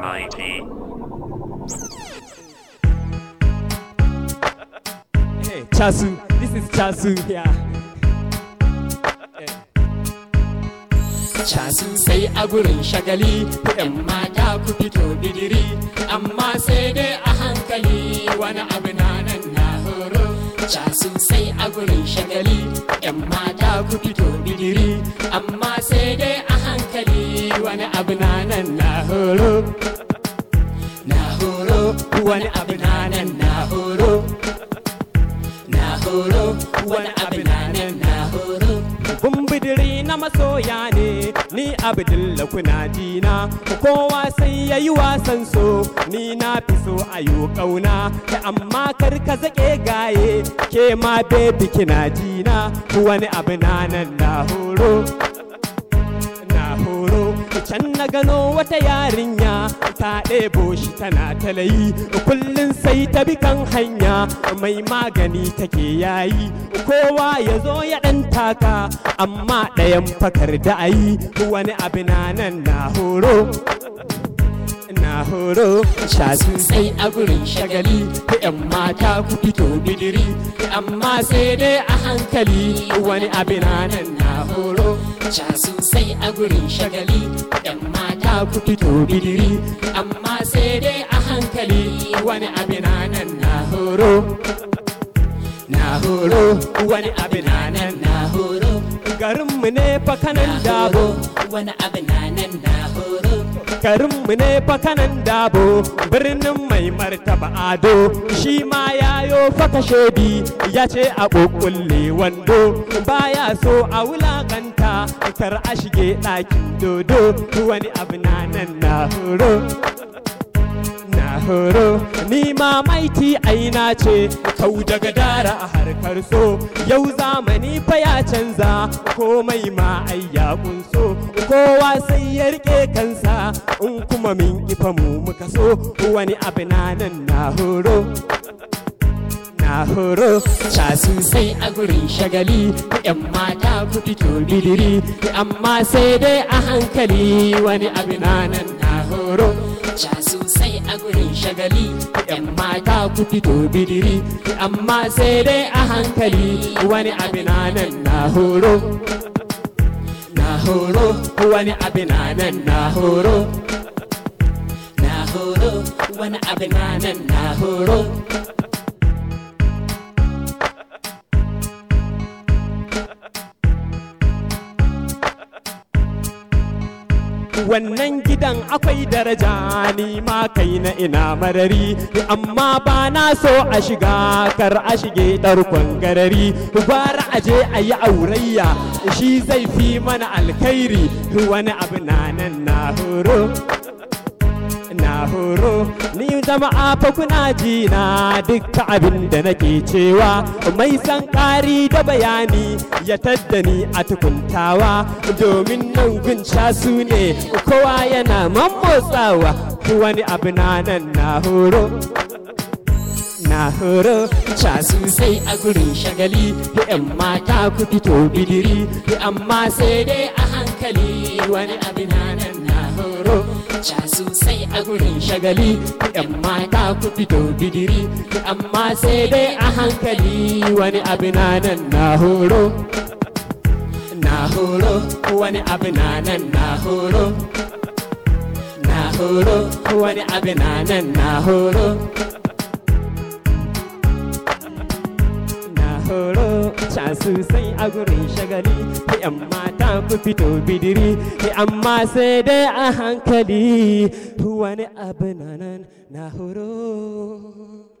Mighty. Hey, Chasu. This is Chasu here. Chasu sai a gurin shagali, ‘yan mata ku fito bidiri, amma sai dai a hankali wani abu na na horo. Chasu sai a gurin shagali, ‘yan mata ku fito bidiri, amma sai dai a wani abu na nan na horo na horo wani abu na nan na horo na horo wani abu na nan na horo bumbidiri na masoya ne ni abdulla kuna jina kowa sai ya yi wasan so ni na fi so a yi kauna ta amma kar ka zaƙe gaye ke ma bebi kina jina wani abu na nan na horo can na gano wata yarinya ta ɗebo shi tana talayi kullum sai ta bi kan hanya mai magani take yayi kowa ya zo ya ɗan taka amma ɗayan fakar da ayi wani abu nan na horo na horo sha sai a gurin shagali ku yan mata ku fito bidiri amma sai dai a hankali wani abin nan na horo sha sai a gurin shagali yan mata ku fito bidiri amma sai dai a hankali wani abin nan na horo na horo wani abin nan na horo garinmu ne fakanan dabo wani abin nan na horo mu ne fakanan dabo birnin mai martaba ado shi ma yayo faka shebi ya ce a kokulle wando baya so a wulakanta kar a shige ɗakin dodo wani abu na nan na horo horo ni ma maiti aina ce kau daga dara a harkar so yau zamani fa ya canza komai ma ai ya kunso kowa sai ya rike kansa in kuma min kifa mu muka so wani abu na nan na horo na horo casu sai a gurin shagali yan mata ku fito bidiri amma sai dai a hankali wani abu na nan na horo casu sai a gurin shagali yan mata ku fito bidiri amma sai dai a hankali wani abu na nan na horo horo wani abin nan na horo na I wani abin nan na horo wannan gidan akwai daraja ni ma kai na ina marari amma ba na so a shiga kar a shige tarkon garari gwara a je a yi aurayya shi zai fi mana alkhairi wani abu na nan na horo horo ni jama'a fa kuna ji na dukkan abin da nake cewa mai san ƙari da bayani ya taddani a tukuntawa domin nan gun sha su kowa yana mammotsawa wani abu na nan na horo na horo ca sosai a gurin shagali da yan mata ku fito bidiri amma sai dai a hankali wani abu na nan tsoro casu sai a gurin shagali yan mata ku fito bidiri amma sai dai a hankali wani abu na nan na horo na horo wani abu na nan na horo na horo wani abu na nan na horo sosai a gurin shagali ki yan mata ku fito bidiri ki amma sai dai a hankali wani abu nan na horo